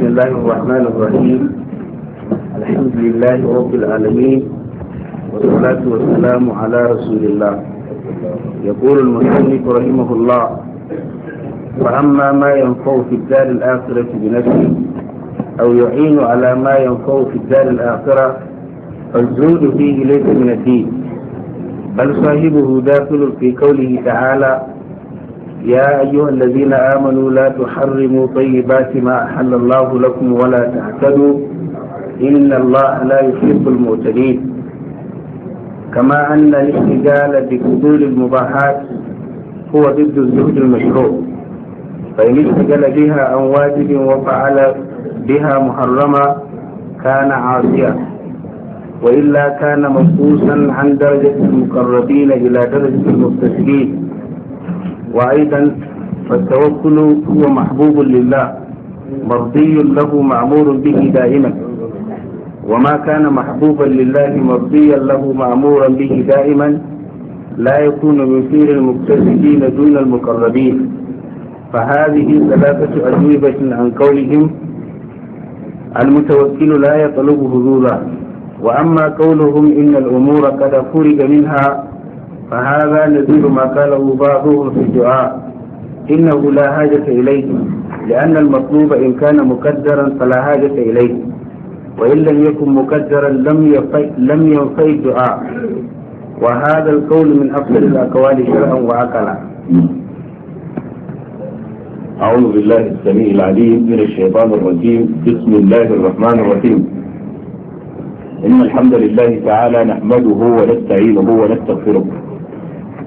بسم الله الرحمن الرحيم الحمد لله رب العالمين والصلاة والسلام على رسول الله يقول المصنف رحمه الله فأما ما ينفع في الدار الآخرة بنفسه أو يعين على ما ينفع في الدار الآخرة فالجهد فيه ليس من الدين بل صاحبه داخل في قوله تعالى يا أيها الذين آمنوا لا تحرموا طيبات ما أحل الله لكم ولا تعتدوا إن الله لا يحب المعتدين كما أن الاحتجال بفضول المباحات هو ضد الزهد المشروع فإن اشتغل بها عن واجب وفعل بها محرما كان عاصيا وإلا كان منقوصا عن درجة المقربين إلى درجة المبتسمين وأيضا فالتوكل هو محبوب لله مرضي له معمور به دائما وما كان محبوبا لله مرضيا له معمورا به دائما لا يكون من سير المكتسبين دون المقربين فهذه ثلاثة أجوبة عن قولهم المتوكل لا يطلب هذولا وأما قولهم إن الأمور قد خرج منها فهذا نذير ما قاله بعضهم في الدعاء إنه لا حاجة إليه لأن المطلوب إن كان مقدرا فلا حاجة إليه وإن لم يكن مقدرا لم يفي لم يفي الدعاء وهذا القول من أفضل الأقوال شرعا وعقلا أعوذ بالله السميع العليم من الشيطان الرجيم بسم الله الرحمن الرحيم إن الحمد لله تعالى نحمده ونستعينه ونستغفره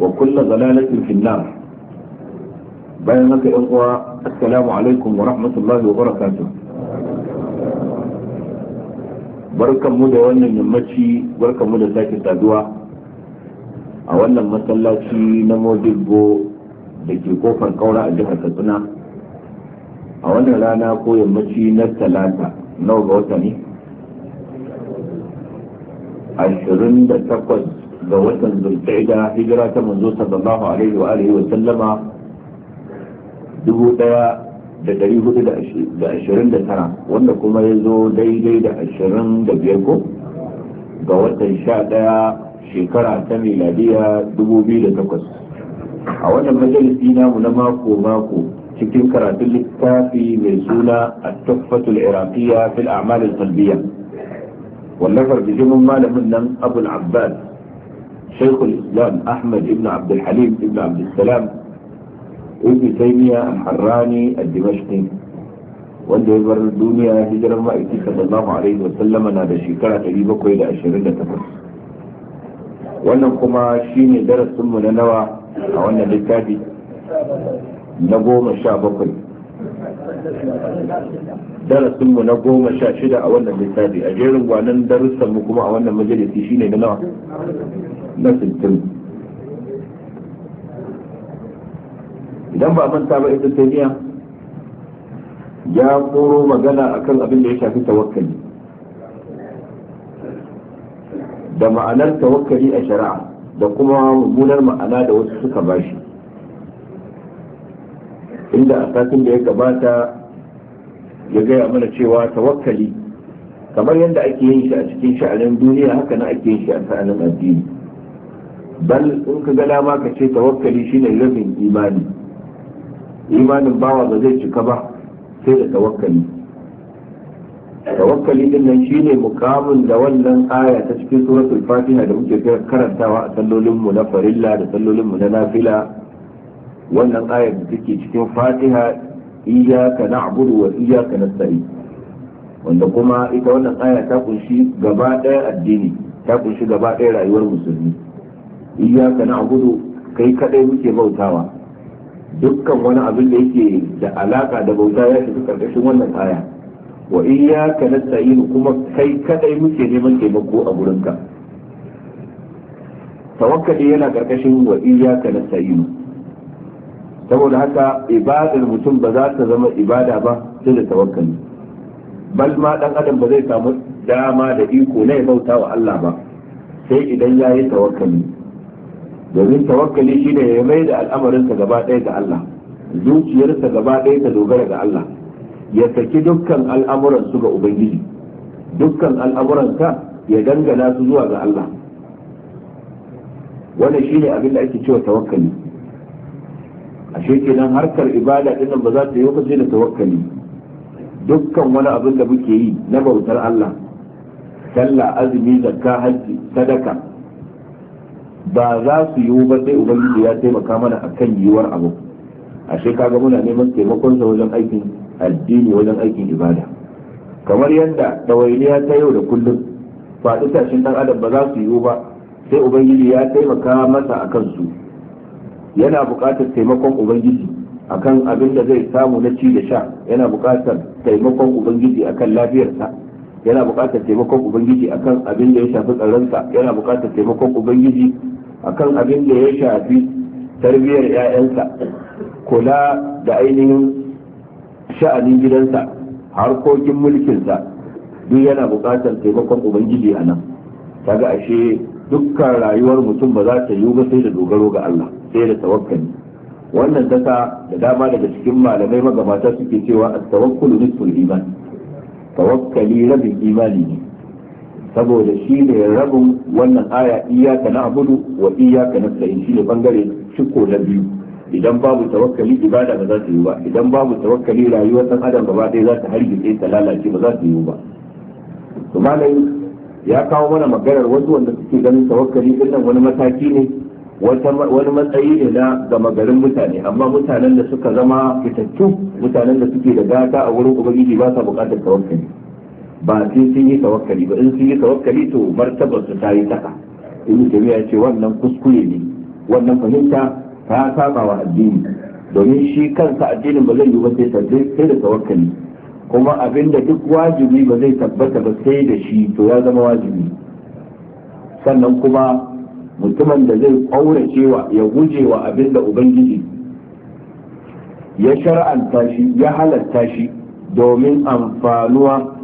wa kulla zalalatin finnar bayan haka yan uwa assalamu alaikum wa rahmatullahi wa barakatuh barkan mu da wannan yammaci barkan mu da sake saduwa a wannan masallaci na modibbo da ke kofar kaura a jihar katsina a wannan rana ko yammaci na talata nawa ga wata ne ashirin da takwas ga watan zulqa'ida hijira ta manzo sallallahu alaihi wa alihi wa sallama dubu daya da dari hudu da ashirin da tara wanda kuma ya zo daidai da ashirin da biyar ko ga watan sha daya shekara ta miladiya dubu biyu da takwas a wannan majalisi namu na mako mako cikin karatun littafi mai suna a tuffatul iraqiyya fil a'mal al wallafar bijimin malamin nan abul abbas شيخ الإسلام أحمد بن عبد الحليم بن عبد السلام ابن تيمية الحراني الدمشقي وانده بر الدنيا هجرا ما صلى الله عليه وسلم انا بشيكرة تجيبا كويلة أشرين لتفرس وانا كما شيني درس من نوا وانا لكادي نقوم الشعبقي درس ثم نقوم الشعشدة وانا لكادي اجيرا وانا درس من كما وانا مجلسي شيني نوا na sittin idan ba manta ba ita taymiya ya koro magana akan abin da ya shafi tawakkali da ma'anar tawakkali a shari'a da kuma mummunar ma'ana da wasu suka bashi inda a satin da ya gabata ya gaya mana cewa tawakkali kamar yadda ake yin shi a cikin sha'anin duniya haka na ake yin shi a sha'anin addini bal in ka ga dama ka ce tawakkali shine rabin imani imanin bawa ba zai cika ba sai da tawakkali tawakkali din nan shine mukamin da wannan aya ta cikin suratul fatiha da muke karantawa a sallolin mu na farilla da sallolin na nafila wannan aya da take cikin fatiha iyyaka na'budu wa iyyaka nasta'in wanda kuma ita wannan aya ta kunshi gaba ɗaya addini ta kunshi gaba ɗaya rayuwar musulmi na gudu kai kadai muke bautawa dukkan wani abin da yake da alaka da bauta ya shiga karkashin wannan aya wa na nasta'in kuma kai kadai muke neman taimako a gurinka tawakkali yana karkashin wa na nasta'in saboda haka ibadar mutum ba za ta zama ibada ba sai da tawakkali bal ma dan adam ba zai samu dama da iko na ya bauta wa Allah ba sai idan ya yi tawakkali domin tawakkali shi ne ya mai da al'amarinsa gaba ɗaya ga Allah zuciyarsa gaba ɗaya ta dogara ga Allah ya saki dukkan al'amuran su ga ubangiji dukkan al'amuransa ya dangana su zuwa ga Allah shi ne abin da ake cewa tawakkali ashe kenan harkar ibada dinnan ba za ta yi lokaci da tawakkali dukkan wani abin da muke yi na bautar Allah sallah azumi zakka hajji sadaka ba za su yiwu ba sai ubangiji ya taimaka mana a kan yiwuwar abu ashe kaga muna neman taimakon sa wajen aikin addini wajen aikin ibada kamar yadda dawainiya ta yau da kullum faɗi tashin dan adam ba za su yiwu ba sai ubangiji ya taimaka masa kan su yana buƙatar taimakon ubangiji akan abin da zai samu na ci da sha yana buƙatar taimakon ubangiji akan lafiyarsa yana bukatar taimakon ubangiji akan abin da ya shafi tsaronsa yana bukatar taimakon ubangiji akan abin da ya shafi tarbiyyar 'ya'yansa kula da ainihin sha'anin gidansa harkokin mulkinsa duk yana buƙatar taimakon ubangiji a nan ga ashe dukkan rayuwar mutum ba za ta yiwu ba sai da dogaro ga Allah sai da tawakkali wannan data da dama daga cikin malamai magabata suke cewa at-tawakkulu nisful iman tawakkali rabin imani ne saboda shi ne rabin wannan aya iyaka na abudu wa iyaka na sa'in shi ne bangare ciko na biyu idan babu tawakkali ibada ba za ta yi ba idan babu tawakkali rayuwar dan adam gaba ɗaya za ta hargitse ta lalace ba za ta yi ba to ya kawo mana maganar wasu wanda suke ganin tawakkali din wani mataki ne wani matsayi ne na gama garin mutane amma mutanen da suka zama fitattu mutanen da suke da gata a wurin ubangiji ba sa buƙatar tawakkali ba sai sun yi tawakkali ba in sun yi tawakkali to martabar su ta yi saka ibn tabiya ce wannan kuskure ne wannan fahimta ta saba wa addini domin shi kansa addinin ba zai yi ba sai da tawakkali kuma abin da duk wajibi ba zai tabbata ba sai da shi to ya zama wajibi sannan kuma mutumin da zai ƙaurace wa ya guje wa abin da ubangiji ya shar'anta shi ya halatta shi domin amfanuwa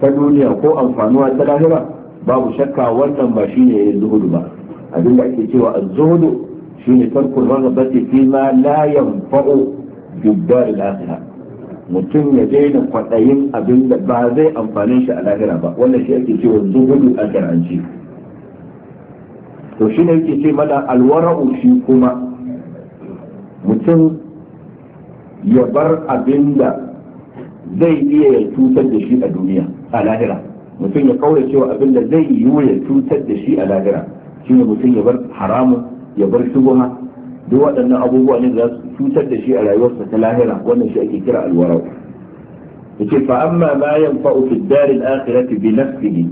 ta duniya ko amfanuwa ta lahira babu shakka wannan ba shine zuhudu ba abin da ake cewa a zuhudu shine tarkul raghabati fi ma la yanfa'u bidar al mutum ya daina kwaɗayin abin da ba zai amfane shi a lahira ba wannan shi ake cewa zuhudu a shar'anci to shi ne yake ce mana alwara'u shi kuma mutum ya bar abin da zai iya ya cutar da shi a duniya a lahira mutum ya kaura cewa abin da zai yi ya cutar da shi a lahira shi ne mutum ya bar haramu ya bar shubuha duk waɗannan abubuwa ne za su cutar da shi a rayuwarsa ta lahira wannan shi ake kira alwarau yace fa amma ma yanfa'u fi ad-dar al-akhirati bi nafsihi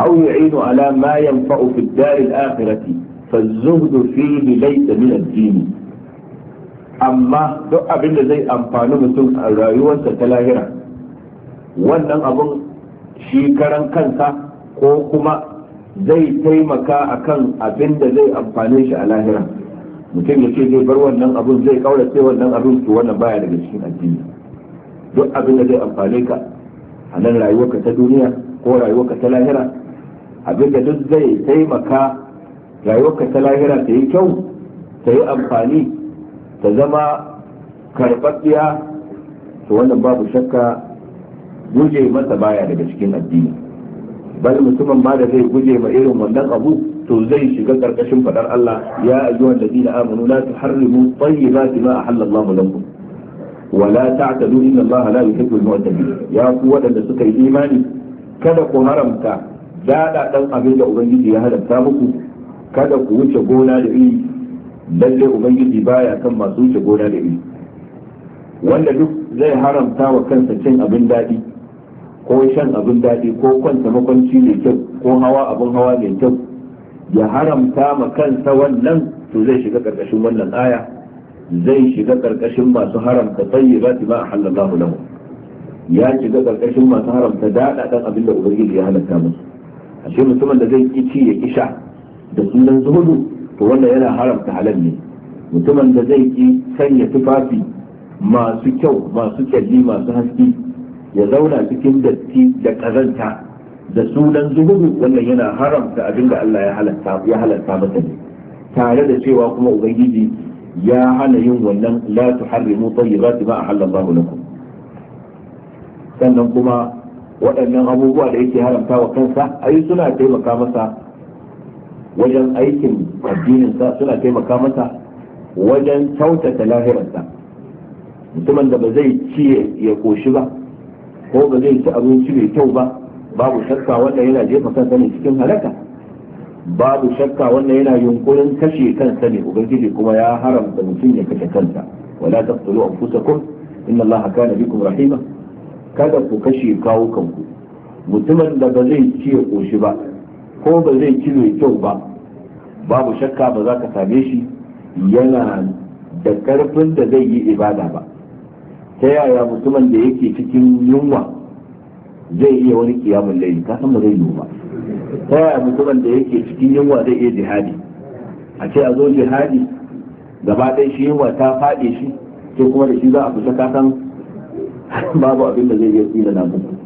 aw yu'idu ala ma yanfa'u fi ad-dar al-akhirati fa az-zuhdu fihi laysa min ad-din amma duk abin da zai amfani mutum a rayuwarsa ta lahira wannan abin shi karan kansa ko kuma zai taimaka kan abin da zai amfane shi a lahira mutum ya ce zai bar wannan abin zai sai wannan abin su wannan baya daga cikin addini duk abin da zai amfane ka a nan rayuwarka ta duniya ko rayuwarka ta lahira abin da duk zai taimaka rayuwarka ta lahira ta yi kyau ta yi amfani ta zama karɓaɓɓiya to wannan babu shakka guje masa baya daga cikin addini bal mutumin ma da zai guje ma irin wannan abu to zai shiga karkashin fadar Allah ya ayyuhal ladina amanu la tuharrimu tayyibati ma ahallallahu lakum ولا تعتدوا إن الله لا ya المعتدين wadanda suka yi إيماني kada ku haramta daɗa ɗan abin da Ubangiji ya haramta muku kada ku wuce gona da iri lalle ubangiji baya kan masu wuce gona da iri wanda duk zai haramta wa kansa cin abin daɗi ko shan abin daɗi ko kwanta makwanci mai kyau ko hawa abin hawa mai kyau ya haramta ma kansa wannan to zai shiga ƙarƙashin wannan aya zai shiga ƙarƙashin masu haramta ba ma halallahu lahu ya shiga ƙarƙashin masu haramta daɗa ɗan abin da ubangiji ya halatta musu ashe mutumin da zai ƙi ci ya ƙi sha da sunan zuhudu to wannan yana haramta halal ne mutumin da zai ki sanya tufafi masu kyau masu kyalli masu haske ya zauna cikin datti da kazanta da sunan zuhuru wannan yana haramta abin da Allah ya halatta ya halatta masa ne tare da cewa kuma ubangiji ya hana yin wannan la tuharrimu tayyibati ma ahallallahu lakum sannan kuma waɗannan abubuwa da yake haramta wa kansa ai suna taimaka masa wajen aikin addininsa suna taimaka masa wajen kyautata lahirarsa mutumin da ba zai ci ya koshi ba ko ba zai ci abinci mai kyau ba babu shakka wanda yana jefa kansa ne cikin halaka babu shakka wanda yana yunkurin kashe kansa ne ubangiji kuma ya haramta mutum ya kashe kansa wala taqtulu anfusakum inna allaha kana bikum rahima kada ku kashe kawo kanku mutumin da ba zai ci ya koshi ba ko ba zai ci mai kyau ba babu shakka ba za ka same shi yana da karfin da zai yi ibada ba ta yaya mutumin da yake cikin yunwa zai iya wani kiyamun laifi ka san ba zai yi ba ta yaya mutumin da yake cikin yunwa zai iya jihadi a ce a zo jihadi gaba ɗaya shi yunwa ta faɗe shi ko kuma da shi za a fita kasan babu abin da zai iya tsira na mutum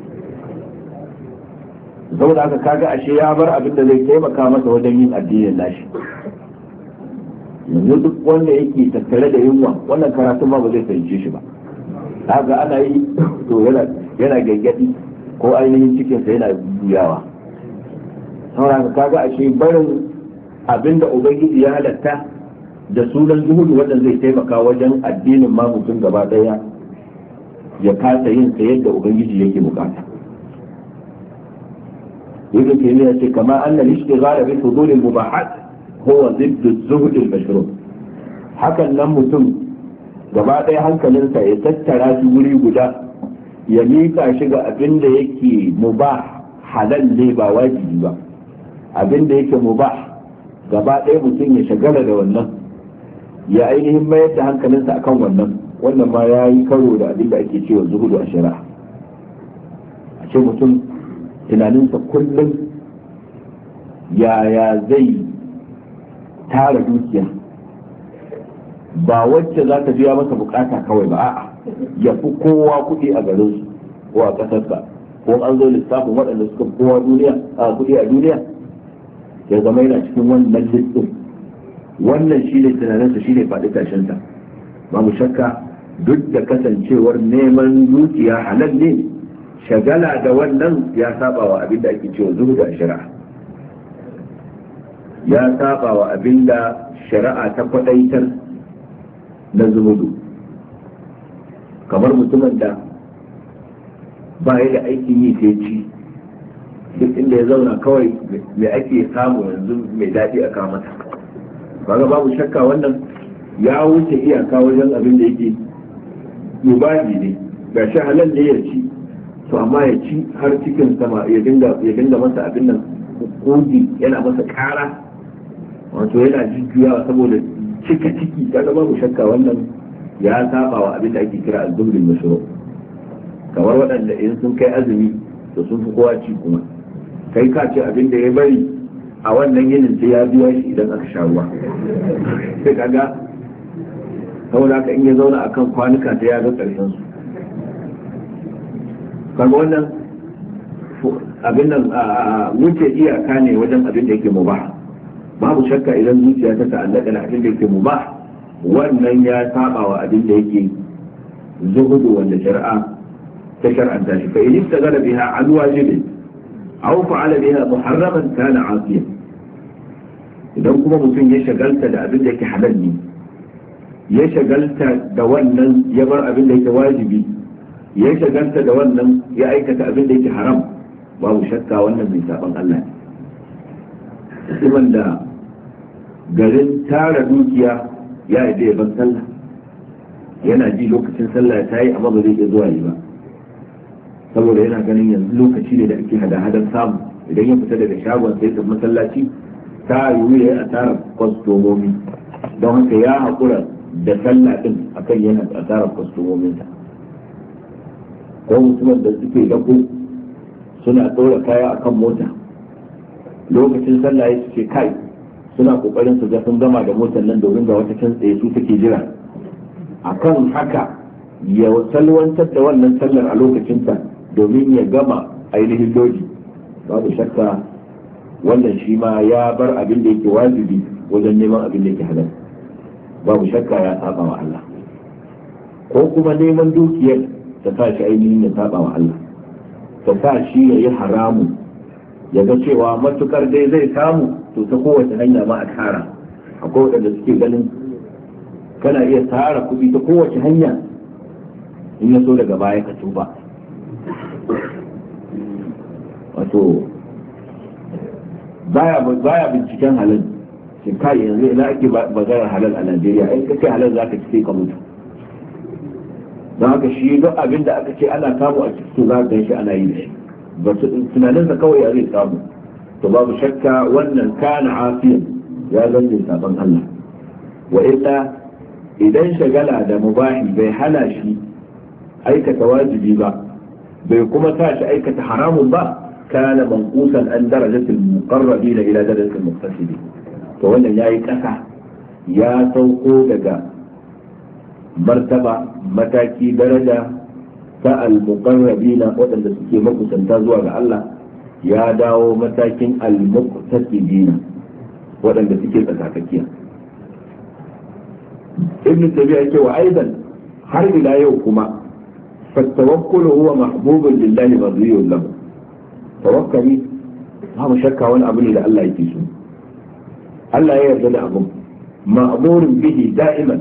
saboda aka kaga ashe ya bar abin da zai taimaka masa wajen yin addinin nashi yanzu duk wanda yake tattare da yunwa wannan karatun ma ba zai fahimce shi ba haka ana yi to yana gaggadi ko ainihin cikinsa yana buyawa saboda haka kaga ashe barin abin da ubangiji ya halatta da sunan zuhudu wanda zai taimaka wajen addinin ma gaba daya ya kasa yin sa yadda ubangiji yake bukata ibn taymiya ce kama anna al-ishtighal bi fudul al-mubahat huwa zidd az-zuhd nan mutum gaba ɗaya hankalinsa ya tattara shi wuri guda ya mika shi ga abin da yake halal ne ba wajibi ba abin da yake mubah gaba ɗaya mutum ya shagala da wannan ya ainihin mayar da hankalinsa akan wannan wannan ma ya yi karo da abin ake cewa zuhudu a shari'a tunaninsa kullum yaya zai tara dukiya ba wacce za ta biya masa bukata kawai ba a'a ya fi kowa kuɗi a garinsu ko a ƙasarsa ko an zo lissafin waɗanda suka kowa duniya a kuɗi a duniya ya zama yana cikin wannan listin wannan shi ne tunaninsa shi ne faɗi tashinsa ba mu shakka duk da kasancewar neman dukiya halal ne shagala da wannan ya saba wa abin da ake cewa zuhudu da shari'a ya saba wa abin da shari'a ta kwadaitar na zuhudu kamar mutumin da ba ya da aikin yi sai ci duk inda ya zauna kawai mai ake samu yanzu mai daɗi a kamata kaga babu shakka wannan ya wuce iyaka wajen abin da yake mubaji ne ga shi halal ne ya ci to amma ya ci har cikin sama ya dinga ya masa abin nan kogi yana masa kara wato yana jujjuyawa saboda cika ciki kaga babu shakka wannan ya saba wa abin da ake kira al-dubrul mashru kamar waɗanda in sun kai azumi to sun fi kowa ci kuma kai ka ce abin da ya bari a wannan yinin sai ya biya shi idan aka sha ruwa sai kaga saboda haka in ya zauna akan kwanuka ta ya ga karshen su kaga wannan abin nan wuce iyaka ne wajen abin da yake mubah babu shakka idan zuciya ta ta'allaka da abin da yake mubah wannan ya saba wa abin da yake zuhudu wanda shari'a ta shar'anta shi fa in ta gara biha an wajibi aw fa'ala biha muharraman kana asiyan idan kuma mutum ya shagalta da abin da yake halal ne ya shagalta da wannan ya bar abin da yake wajibi ya shagalta da wannan ya aikata abin da yake haram babu shakka wannan mai saban Allah ne mutumin da garin tara dukiya ya yi da yaban sallah yana ji lokacin sallah ta yi amma ba zai iya zuwa yi ba saboda yana ganin yanzu lokaci ne da ake hada-hadar samu idan ya fita daga shagon sai tafi masallaci ta yi ya a tara kwastomomi don haka ya haƙura da sallah din akan yana a tara kwastomominsa ko mutumin da suke dako suna tsora kaya akan mota lokacin sallah ya kai suna kokarin su ga sun gama da motar nan domin ga wata can su take jira akan haka ya salwantar da wannan sallar a lokacin ta domin ya gama ainihin doji babu shakka wannan shi ma ya bar abin da yake wajibi wajen neman abin da yake halal babu shakka ya saba wa Allah ko kuma neman dukiyar ta sa shi ainihin ya saba wa Allah ta sa shi ya yi haramu ya ga cewa matukar dai zai samu to ta kowace hanya ma a tara kowace da suke ganin kana iya tara kuɗi ta kowace hanya in ya so daga baya ka tuba wato baya binciken halal shi kai yanzu ina ake bazarar halal a Najeriya ai kake halal ka ci sai ka mutu don haka shi duk abin da aka ce ana samu a cikin za ka shi ana yi da shi ba su kawai ya zai samu to babu shakka wannan kana afiyan ya zanje saban Allah wa illa idan shagala da mubahi bai hana shi aikata wajibi ba bai kuma sa shi aikata haramun ba kana manqusan an darajatul muqarrabin ila darajatul muqtasidin to wannan yayi kasa ya sauko daga martaba mataki daraja ta al-muqarrabina waɗanda suke makusanta zuwa ga Allah ya dawo matakin al-muqtasibina waɗanda suke tsakakakiya ibn tabi'a yake wa aidan har ila yau kuma fa tawakkulu huwa mahbubun lillahi radiyallahu lahu tawakkali babu shakka wani abu ne da Allah yake so Allah ya yarda da abun ma'murun bihi da'iman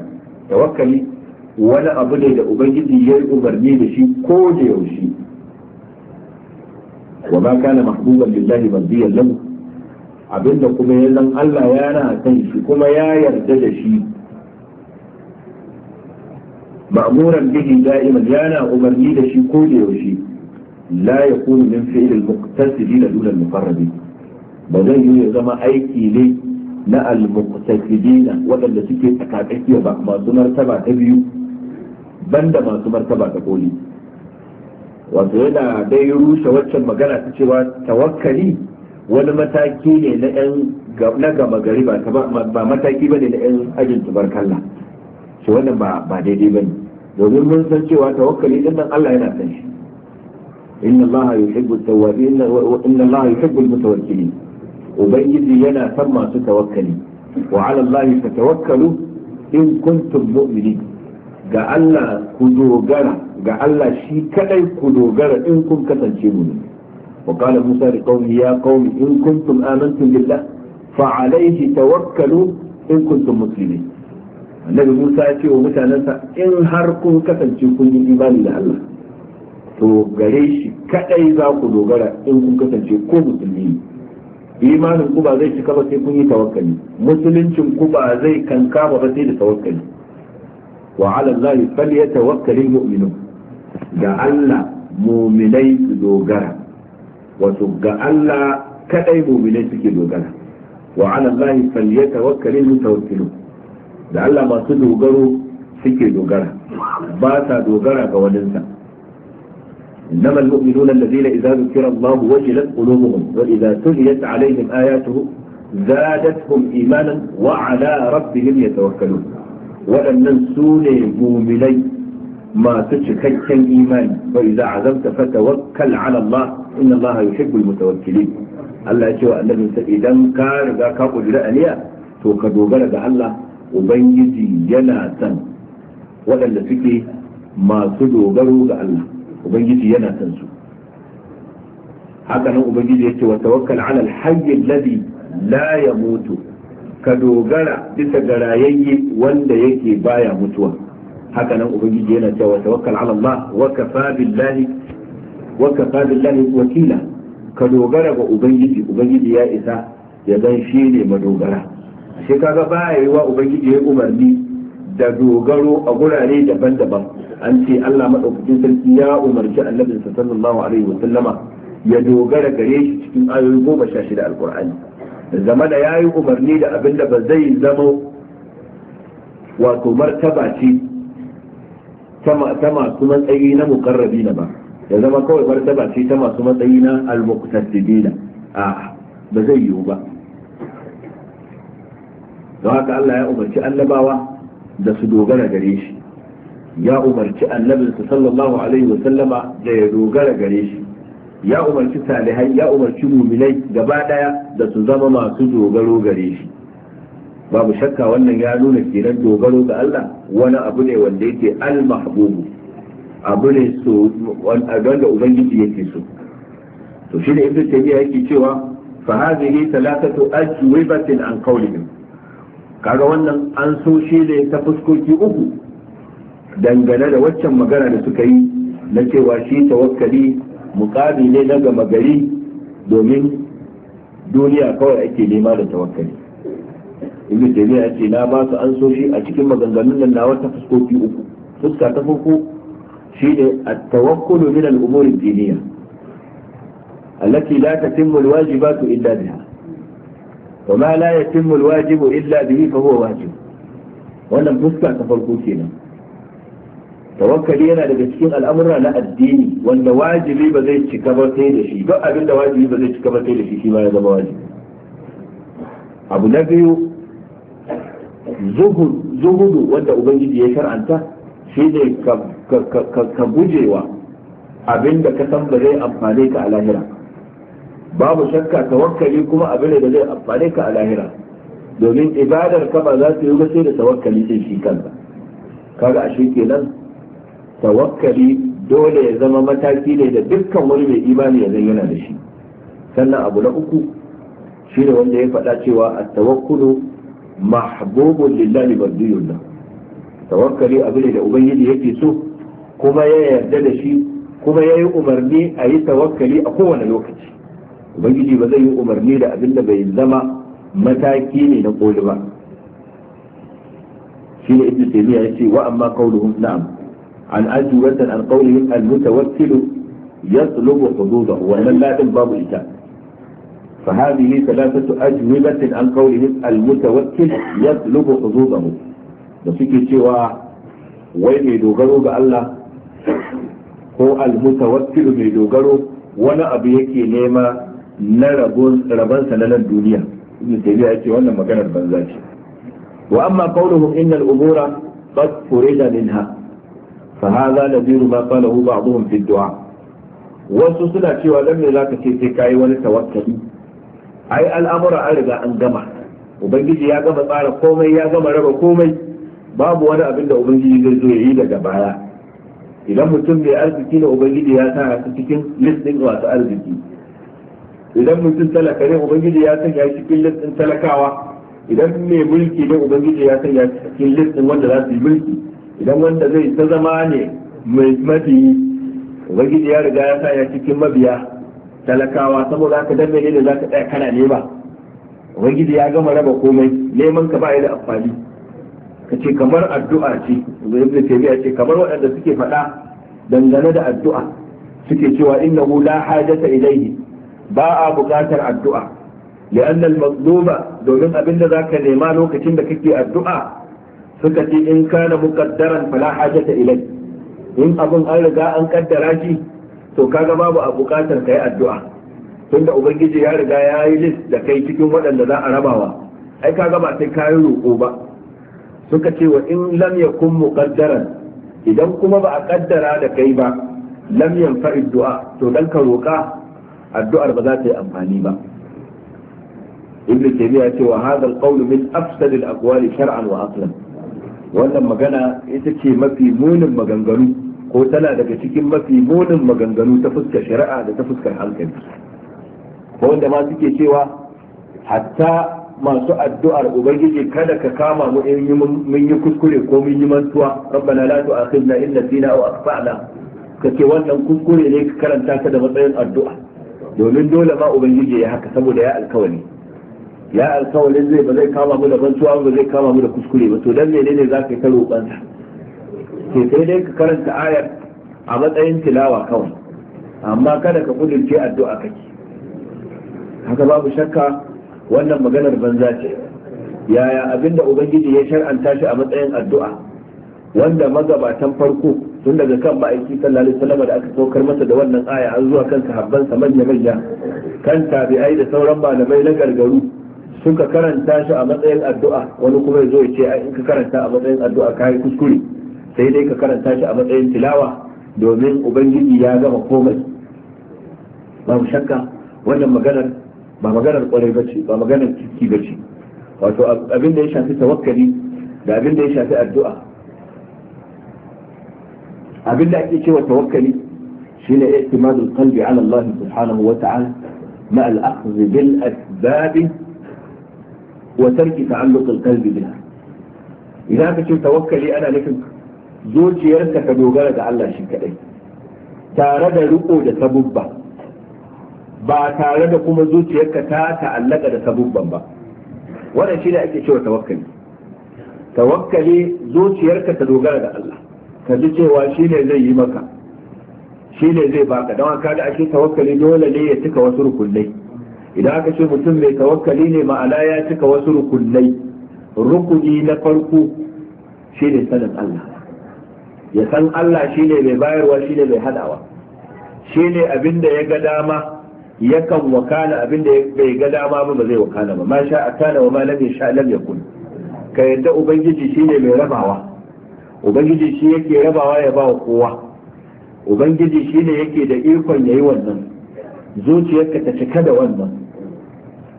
tawakkali wani abu ne da ubangiji ya yi umarni da shi ko da yaushe wa ma kana mahbuban lillahi mabdiyan lahu abinda kuma ya zan Allah ya na kan shi kuma ya yarda da shi ma'muran bihi da'iman ya na umarni da shi ko da yaushe la yakunu min fi'l al-muqtasidi dun al-muqarrabin ba zai yi ya zama aiki ne na al-muqtasidina waɗanda suke takakkiya ba masu martaba ta biyu banda masu martaba ta koli wato yana dai rushe waccan magana ta cewa tawakkali wani mataki ne na yan na gama gari ba ba mataki bane na yan ajin tubarkalla shi wannan ba ba daidai bane domin mun san cewa tawakkali din nan Allah yana san shi inna Allah yuhibbu at-tawwabin inna Allah yuhibbu al-mutawakkilin ubangiji yana san masu tawakkali wa ala Allah fatawakkalu in kuntum mu'minin ga Allah ku dogara ga Allah shi kadai ku dogara in kun kasance mu'mini wa qala musa li qaumi ya qaumi in kuntum amantum billah fa alayhi tawakkalu in kuntum muslimin annabi musa ya ce wa mutanensa in har kun kasance kun yi imani da Allah to gare shi kadai za ku dogara in kun kasance ko musulmi ne imanin ku ba zai cika ba sai kun yi tawakkali musuluncin ku ba zai kankama ba sai da tawakkali wa ala Allah falyatawakkalul mu'minun da Allah mu'minai su dogara wato ga Allah kadai mu'minai suke dogara wa ala Allah falyatawakkalul mutawakkilun da Allah masu dogaro suke dogara ba sa dogara ga إنما المؤمنون الذين إذا ذكر الله وجلت قلوبهم وإذا تليت عليهم آياته زادتهم إيمانا وعلى ربهم يتوكلون waɗannan su ne mumilai masu cikakken imani bai za a zamta fata wakkal ala Allah inna Allah yuhibbul mutawakkilin Allah ya ce wa annabi sa idan ka riga ka kudura aliya to ka dogara ga Allah ubangiji yana san waɗanda suke masu dogaro ga Allah ubangiji yana san su haka nan ubangiji ya ce wa tawakkal ala al-hayy alladhi la yamutu ka dogara bisa ga rayayye wanda yake baya mutuwa haka nan ubangiji yana cewa tawakkal ala Allah wa kafa billahi wa kafa billahi wakila ka dogara ga ubangiji ubangiji ya isa ya zan shi ne madogara shi kaga baya yi wa ubangiji ya umarni da dogaro a gurare daban-daban an ce Allah madaukakin sarki ya umarci annabinsa sallallahu alaihi wa sallama ya dogara gare shi cikin ayoyi goma sha shida alqur'ani zama da yayi umarni da abin da ba zai zama wato martaba ce ta masu matsayi na mukarrabi na ba ya zama kawai martaba ce ta masu matsayi na almuktasibina a ba zai yiwu ba don haka Allah ya umarci annabawa da su dogara gare shi ya umarci annabinsa sallallahu alaihi wasallama da ya dogara gare shi ya umarci salihai ya umarci muminai gaba daya da su zama masu dogaro gare shi babu shakka wannan ya nuna kenan dogaro ga Allah wani abu ne wanda yake al-mahbubu abu ne so wanda ubangiji yake so to shi ne ibnu taymiya yake cewa fa hadhihi thalathatu ajwibatin an qawlihim kaga wannan an so shi ne ta fuskoki uku dangane da waccan magana da suka yi na cewa shi tawakkali mukami ne na gama gari domin duniya kawai ake nema da tawakkali ibn taymiya ya ce na ba su an so a cikin maganganun nan na wata fuskoki uku fuska ta farko shine at-tawakkulu min al-umuri ad-diniyya allati la tatimmu al-wajibatu illa biha wa ma la yatimmu al-wajibu illa bihi fa huwa wajib wannan fuska ta farko kenan tawakkali yana daga cikin al'amura na addini wanda wajibi ba zai cika ba sai da shi ba abin da wajibi ba zai cika ba sai da shi shi ma ya zama wajibi abu na biyu zuhudu wanda ubangiji ya shar'anta shi ne ka gujewa abin da ka san ba zai amfane ka a lahira babu shakka tawakkali kuma abin da zai amfane ka a lahira domin ibadar ka ba za ta yi sai da tawakkali sai shi kanka kaga ashe kenan tawakkali dole ya zama mataki ne da dukkan wani mai imani ya zayyana da shi sannan abu na uku shine wanda ya faɗa cewa a tawakkulu mahbubun lillahi mabdiyun nan tawakkali abu ne da ubangiji yake so kuma ya yarda da shi kuma ya yi umarni a yi tawakkali a kowane lokaci ubangiji ba zai yi umarni da abin da bai zama mataki ne na koli ba shi ne ibn taymiya ya ce wa amma na'am an aji wannan an qawlihim al-mutawakkil yatlubu hududahu wannan ladin babu ita فهذه ثلاثة أجوبة عن قولهم المتوكل يطلب حظوظه da suke cewa wai mai dogaro ga Allah ko almutawakkil mai dogaro wani abu yake nema na rabansa na nan duniya ibn taymiya yake wannan maganar banza ce wa amma umura qad furida فهذا نذير ما ma بعضهم في الدعاء du'a wasu suna cewa dan me zaka ce sai kai wani tawakkali ai al'amura an riga an gama ubangiji ya gama tsara komai ya gama raba komai babu wani abin da ubangiji zai zo yayi daga baya idan mutum mai arziki ne ubangiji ya sa shi cikin list din wasu arziki idan mutum talaka ne ubangiji ya sanya shi cikin list talakawa idan mai mulki ne ubangiji ya sanya shi cikin list wanda za su yi mulki idan wanda zai ta zama ne mai mafi ubangiji ya riga ya sa ya cikin mabiya talakawa saboda ka dan menene za ka tsaya kana nema ubangiji ya gama raba komai neman ka ba ya da amfani ka ce kamar addu'a ce ke taymiya ce kamar waɗanda suke faɗa dangane da addu'a suke cewa innahu la hajata ilayhi ba a buƙatar addu'a li'anna al domin abinda zaka nema lokacin da kake addu'a suka ce in kana muƙaddaran fala hajata ilai in abin an riga an kaddara shi to kaga babu a buƙatar kai addu'a tunda ubangiji ya riga ya yi list da kai cikin waɗanda za a rabawa ai kaga ba sai kayi roƙo ba suka ce wa in lam yakun muqaddaran idan kuma ba a kaddara da kai ba lam yanfa du'a to dan ka roƙa addu'ar ba za ta yi amfani ba ibnu taymiya ce wa hadha al-qawl min afsad al-aqwali shar'an wa aqlan wannan magana ita ce mafi munin maganganu ko tana daga cikin mafi munin maganganu ta fuskar shari'a da ta fuskar hankali ko wanda ma suke cewa hatta masu addu'ar ubangiji kada ka kama mu in mun yi kuskure ko mun yi mantuwa rabbana la tu'akhidna in nasina aw akhtana kace wannan kuskure ne ka karanta ta da matsayin addu'a domin dole ma ubangiji ya haka saboda ya alkawari ya alkawalin zai ba zai kama mu da bantuwa ba zai kama mu da kuskure ba to dan ne za ka yi ta roƙonsa ke sai dai ka karanta ayar a matsayin tilawa kawai amma kada ka kudurce addu'a kake haka babu shakka wannan maganar banza ce yaya abinda ubangiji ya shar'anta shi a matsayin addu'a wanda magabatan farko tun daga kan ma'aiki sallallahu alaihi wasallam da aka saukar masa da wannan aya an zuwa kan sa manya manya kan tabi'ai da sauran malamai na gargaru ka karanta shi a matsayin addu'a wani kuma ya zo ya ce in ka karanta a matsayin addu'a ka yi kuskure sai dai ka karanta shi a matsayin tilawa domin ubangiji ya gama komai babu shakka wannan maganar ba maganar kwarai ba ce ba maganar ciki ba ce wato abin da ya shafi tawakkali da abin da ya shafi addu'a abin da ake cewa tawakkali shine i'timadul qalbi ala Allah subhanahu wa ta'ala ma al-akhdh bil asbab wa tarki ta'alluq al-qalbi biha idan aka ce tawakkali ana nufin zuciyarka ka dogara ga Allah shi kadai tare da riko da sabubba ba tare da kuma zuciyarka ta ta'allaka da sabubban ba wannan shi ne ake cewa tawakkali tawakkali zuciyarka ta dogara ga Allah ka ji cewa shi ne zai yi maka shi ne zai baka don haka da ake tawakkali dole ne ya cika wasu rukunai idan aka ce mutum mai tawakkali ne ma'ana ya cika wasu rukunai rukuni na farko shine sanin Allah ya san Allah shine mai bayarwa shine mai hadawa shine da ya ga dama yakan wakana da bai ga dama ba ba zai wakana ba ma sha kana wa ma lam sha lam yakun ka yadda ubangiji shine mai rabawa ubangiji shi yake rabawa ya ba kowa ubangiji shine yake da ikon yayi wannan zuciyarka ta cika da wannan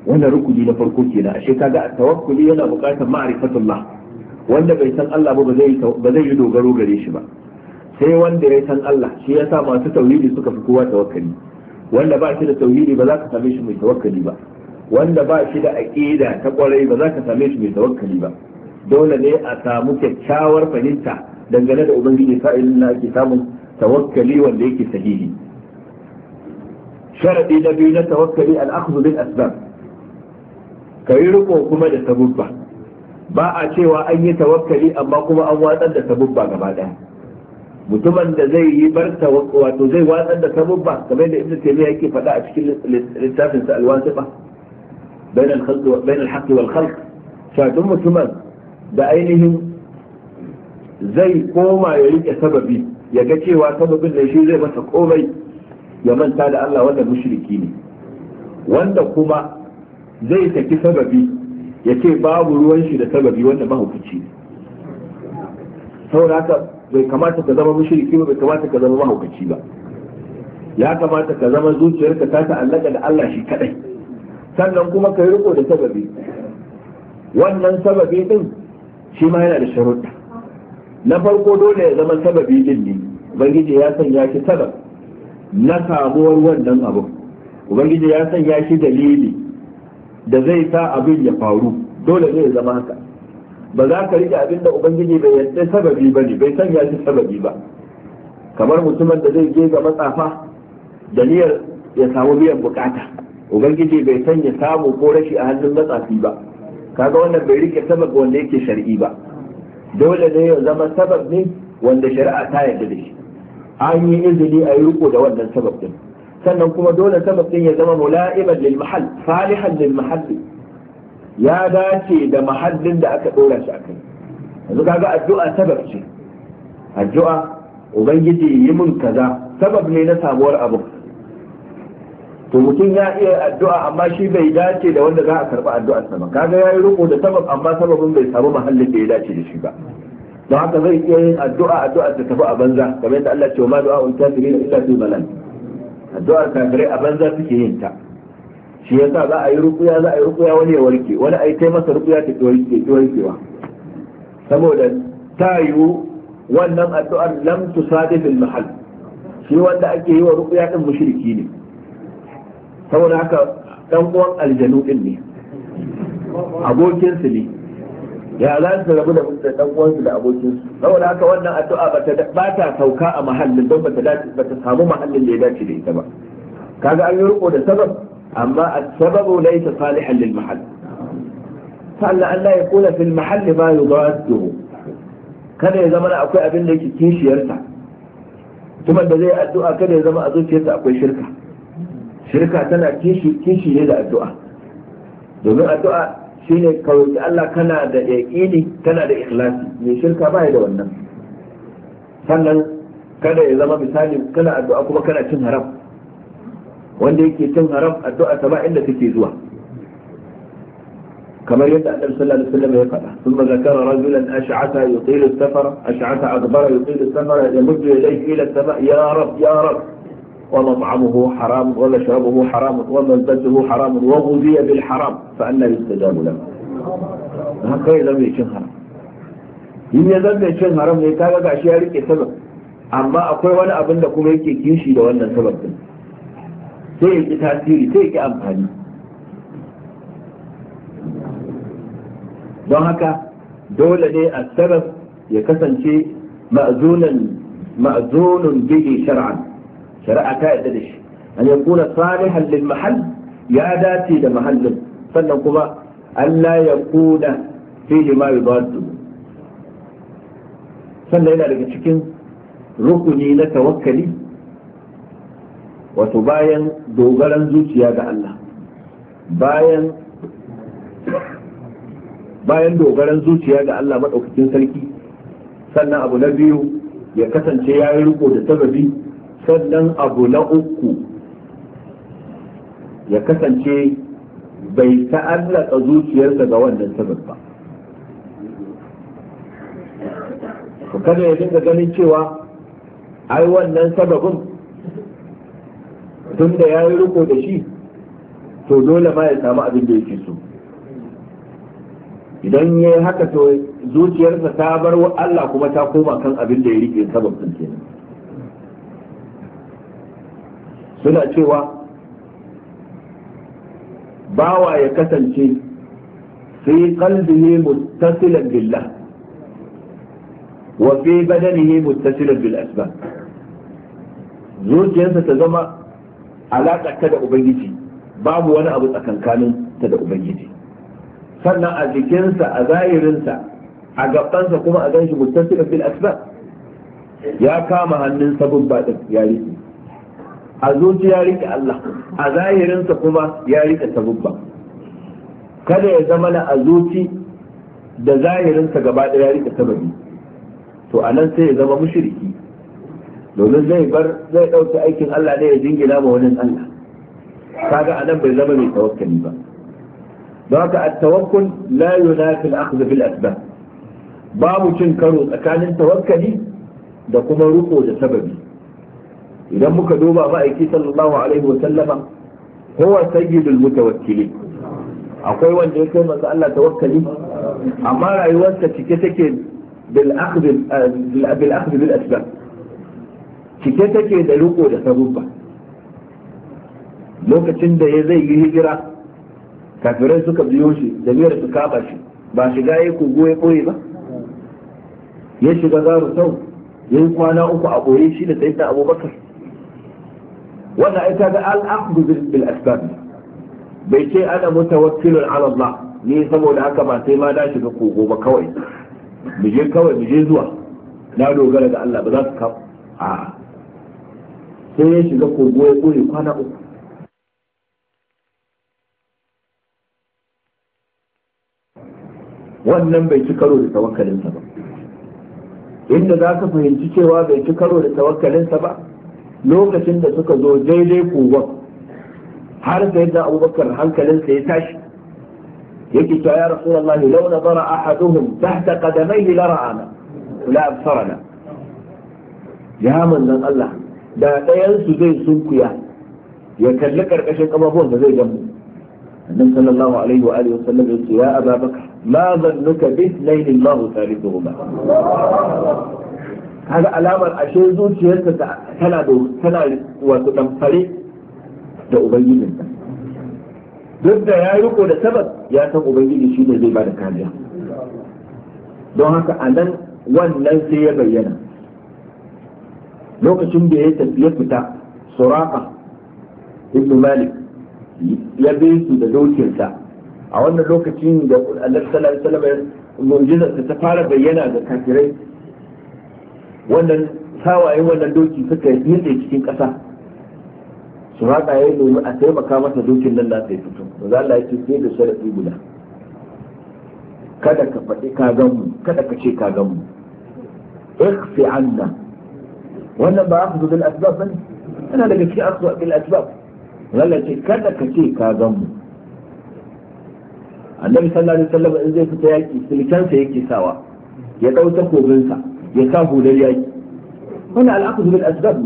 wannan rukuni na farko kenan ashe kaga tawakkuli yana buƙatar ma'rifatullah wanda bai san Allah ba ba zai yi dogaro gare shi ba sai wanda ya san Allah shi yasa masu tauhidi suka fi kowa tawakkali wanda ba shi da tauhidi ba za ka same shi mai tawakkali ba wanda ba shi da aqida ta kwarai ba za ka same shi mai tawakkali ba dole ne a samu kyakkyawar fahimta dangane da ubangiji fa'ilin na ake samun tawakkali wanda yake sahihi sharadi na biyu na tawakkali al-akhdhu bil asbab ka yi riko kuma da tabubba ba a cewa an yi tawakkali amma kuma an watsar da tabubba gaba ɗaya mutumin da zai yi bar wato zai watsar da tabubba kamar da ibnu taymiya yake faɗa a cikin littafin sa alwasifa bain al-khalq wa bain al-haqq wal khalq cewa duk mutumin da ainihin zai koma ya rike sababi ya ga cewa sababin da shi zai masa komai ya manta da Allah wanda mushriki ne wanda kuma zai saki sababi ya ce babu ruwan shi da sababi wanda mahaukaci ne saboda haka bai kamata ka zama mushriki ba bai kamata ka zama mahaukaci ba ya kamata ka zama zuciyarka ta ta'allaka da Allah shi kadai sannan kuma ka yi riko da sababi wannan sababi din shi ma yana da sharuɗa na farko dole ya zama sababi din ne ubangiji ya sanya shi sabab na samuwar wannan abu ubangiji ya sanya shi dalili da zai sa abin ya faru dole ne ya zama haka ba za ka rike abin da ubangiji bai yadda sababi ba ne bai sanya shi sababi ba kamar mutumin da zai je ga matsafa da niyyar ya samu biyan bukata ubangiji bai sanya samu ko rashi a hannun matsafi ba kaga wannan bai rike sabab wanda yake shar'i ba dole ne ya zama sabab ne wanda shari'a ta yarda da shi an yi izini a yi riko da wannan sabab din sannan kuma dole sabab din ya zama mula'iban lil mahall salihan lil mahall ya dace da mahallin da aka dora shi akai yanzu kaga addu'a sabab ce addu'a ubangiji yi min kaza sabab ne na samuwar abu to mutum ya iya addu'a amma shi bai dace da wanda za a karba addu'ar sama. ba kaga yayi riko da sabab amma sababin bai samu mahallin da ya dace da shi ba don haka zai iya yin addu'a addu'a ta tafi a banza kamar yadda Allah ce wa ma du'a ul kafirin illa fi balal addu'ar kafirai a banza suke yin ta shi yasa za a yi rukuya za a yi rukuya wani ya warke wani a yi ta masa rukuya ta ke warkewa saboda ta yiwu wannan addu'ar lam tusadif al mahal shi wanda ake yi wa rukuya din mushriki ne saboda haka dan uwan aljanu din ne abokin su ne ya za su rabu da dan uwansu da abokinsu saboda haka wannan addu'a ba ta sauka a mahallin don ba ta samu mahallin da ya dace da ita ba kaga an yi riko da sabab amma as-sababu laysa salihan lil mahall sannan Allah ya kula fil mahall ma yudaddu kada ya zama akwai abin da yake kishiyarsa kuma da zai addu'a kada ya zama a zuciyarsa akwai shirka shirka tana kishi kishi ne da addu'a domin addu'a shine kawai roki Allah kana da yaqini kana da ikhlasi mai shirka bai da wannan sannan kada ya zama misali kana addu'a kuma kana cin haram wanda yake cin haram addu'a ta ba inda take zuwa kamar yadda annabi sallallahu alaihi wasallam ya faɗa thumma zakara rajulan ash'ata yutilu as-safara ash'ata adbara yutilu as-safara yamuddu ilayhi ila as-sama ya rab ya rab ونطعمه حرام ونشربه حرام ونلبسه حرام وغذي بالحرام فأنا يستجاب له هكا لم يشن حرام إن يزم يشن حرام يتابع أشياء لك سبب أما أقول وانا أبن لكم يكي كيشي لوانا سبب سيء تاتيري سيك أمهاني don haka dole ne a sarraf ya kasance ma'azunan bihi shari'a ta yadda da shi an ya kuna salihan lil mahall ya dace da mahallin sannan kuma Allah ya kuna fihi ma yudaddu sannan yana daga cikin rukuni na tawakkali wato bayan dogaran zuciya ga Allah bayan bayan dogaran zuciya ga Allah madaukakin sarki sannan abu na biyu ya kasance ya yi riko da sababi sannan abu na uku ya kasance bai ta'allaka zuciyarsa ga wannan sabon ba kada ya dinga ganin cewa ai wannan sababin tun da ya yi riko da shi to dole ma ya samu abin da yake so idan ya yi haka to zuciyarsa ta bar Allah kuma ta koma kan abin da ya rike sababin kenan suna cewa bawa ya kasance fi qalbihi muttasilan billah wa fi badanihi muttasilan bil asbab zuciyarsa ta zama alaƙa ta da ubangiji babu wani abu tsakankanin ta da ubangiji sannan a jikinsa a zahirinsa a gabansa kuma a ganshi muttasilan bil asbab ya kama hannun sabon ba ya yi a zuci ya rike Allah a zahirinsa kuma ya rike sabubba kada ya zama na a zuci da zahirinsa gaba ɗaya ya rike sababi to a nan sai ya zama mushriki domin zai bar zai ɗauki aikin Allah ne ya jingina ma wani Allah kaga a nan bai zama mai tawakkali ba don haka at-tawakkul la yunafi al-akhdh bil asbab babu cin karo tsakanin tawakkali da kuma ruko da sababi idan muka duba ma'aiki sallallahu alaihi wa sallama huwa sayyidul mutawakkilin akwai wanda ya kai masa Allah tawakkali amma rayuwarsa cike take bil akhd bil akhd bil asbab cike take da riko da sabubba lokacin da ya zai yi hijira kafirai suka biyo shi da biyar su kaba shi ba shiga ya kogo ya ɓoye ba ya shiga garu sau ya yi kwana uku a ɓoye shi da sayyidina abubakar wannan ai kaga al-aqdu bil asbab bai ce ana mutawakkil ala Allah ni saboda haka ba sai ma na shiga kogo ba kawai mu je kawai mu je zuwa na dogara ga Allah ba za su a sai ya shiga kogo ya kore kwana uku wannan bai ci karo da tawakkalinsa ba inda za ka fahimci cewa bai ci karo da tawakkalinsa ba lokacin da suka zo daidai kogon har sai da abubakar hankalinsa ya tashi yake cewa ya rasu Allah lau na zara ahaduhum tahta qadamaihi la ra'ana la absarana ya manzan Allah da ɗayan zai sunkuya ya kalli karkashin kafafuwan da zai gamu annabi sallallahu alaihi wa alihi wasallam ya ce ya ababakar ma zannuka bi lailin Allah thalithuhuma kaga alamar ashe zuciyarsa tana da tana wato fare da ubangijin duk da ya riko da sabab ya san ubangiji shi ne zai ba da kariya don haka a nan wannan sai ya bayyana lokacin da ya tafi ya fita suraka ibn malik ya bi su da dokinsa a wannan lokacin da Allah sallallahu alaihi wasallam mu'jizarsa ta fara bayyana ga kafirai wannan tawaye wannan doki suka da cikin ƙasa su haɗa ya nemi a taimaka masa dokin nan nasa sai fito to za Allah ya sai da sharadi guda kada ka faɗi ka gan mu kada ka ce ka gan mu ikhfi anna wannan ba akhudhu bil asbab ne? yana daga cikin akhudhu bil asbab Allah ce kada ka ce ka gan mu annabi sallallahu alaihi wasallam in zai fita yaki silkansa yake sawa ya dau takobinsa Yasa sa hular yaki wani al'akuzu bil asbab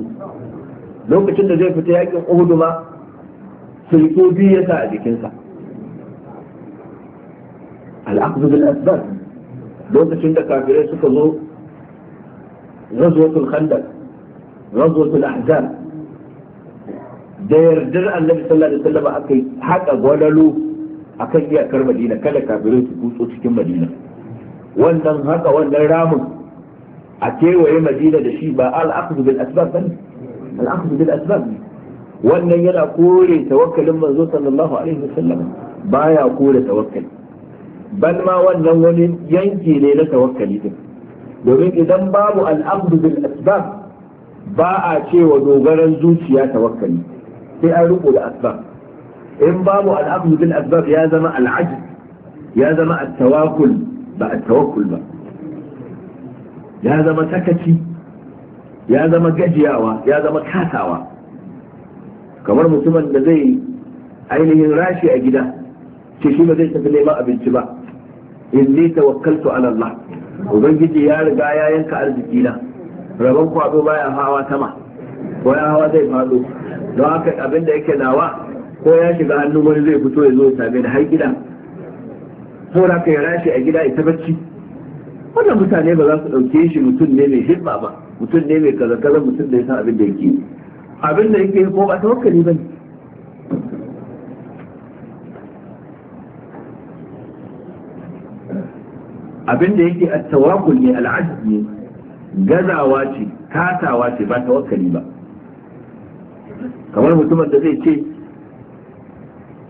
lokacin da zai fita yakin uhudu ma sulko biyu ya sa a jikinsa al'akuzu bil lokacin da kafirai suka zo غزوة الخندق غزوة الأحزاب da yardar annabi sallallahu alaihi aka yi haka gwalalo akan iyakar madina kada kafirai su kutso cikin madina wannan haka wannan a kewaye madina da shi ba al'aqdu bil asbab bane al'aqdu bil asbab ne wannan yana kore tawakkalin manzo sallallahu alaihi wasallam baya kore tawakkali bal ma wannan wani yanki ne na tawakkali din domin idan babu al'aqdu bil asbab ba a cewa dogaran zuciya tawakkali sai an riko da asbab in babu al'aqdu bil asbab ya zama al'ajz ya zama at-tawakkul ba at-tawakkul ba ya zama sakaci ya zama gajiyawa ya zama kasawa kamar mutumin da zai ainihin rashi a gida ce shi ba zai tafi neman abinci ba in ni tawakkaltu ala Allah ubangiji ya riga ya yanka arziki na rabon kwado baya hawa sama ko ya hawa zai fado don haka abin da yake nawa ko ya shiga hannu wani zai fito ya zo ya same da har gida Ko ka ya rashi a gida ita bacci wannan mutane ba za su ɗauke shi mutum ne mai himma ba mutum ne mai kaza kaza mutum da ya san abin da yake abin da yake ko ba tawakkali bane abin da yake at-tawakkul ne al-'azm ne gazawa ce katawa ce ba tawakkali ba kamar mutumin da zai ce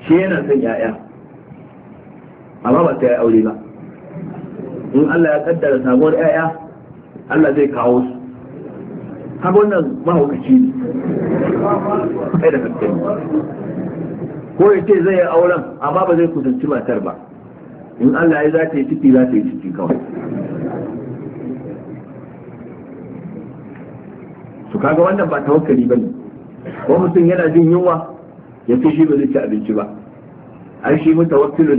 shi yana son ya'ya amma ba ta yi aure ba in Allah ya kaddara samuwar 'ya'ya Allah zai kawo su har wannan mahaukaci ne kai da ko ya ce zai yi auren amma ba zai kusanci matar ba in Allah ya za yi ciki za ta yi ciki kawai su kaga wannan ba tawakkali ba ne ko mutum yana jin yunwa ya fi shi ba zai ci abinci ba ai shi da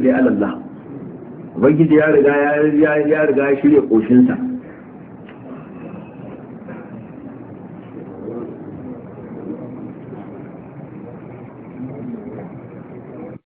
ya Allah ubangiji ya riga ya riga ya shirya koshinsa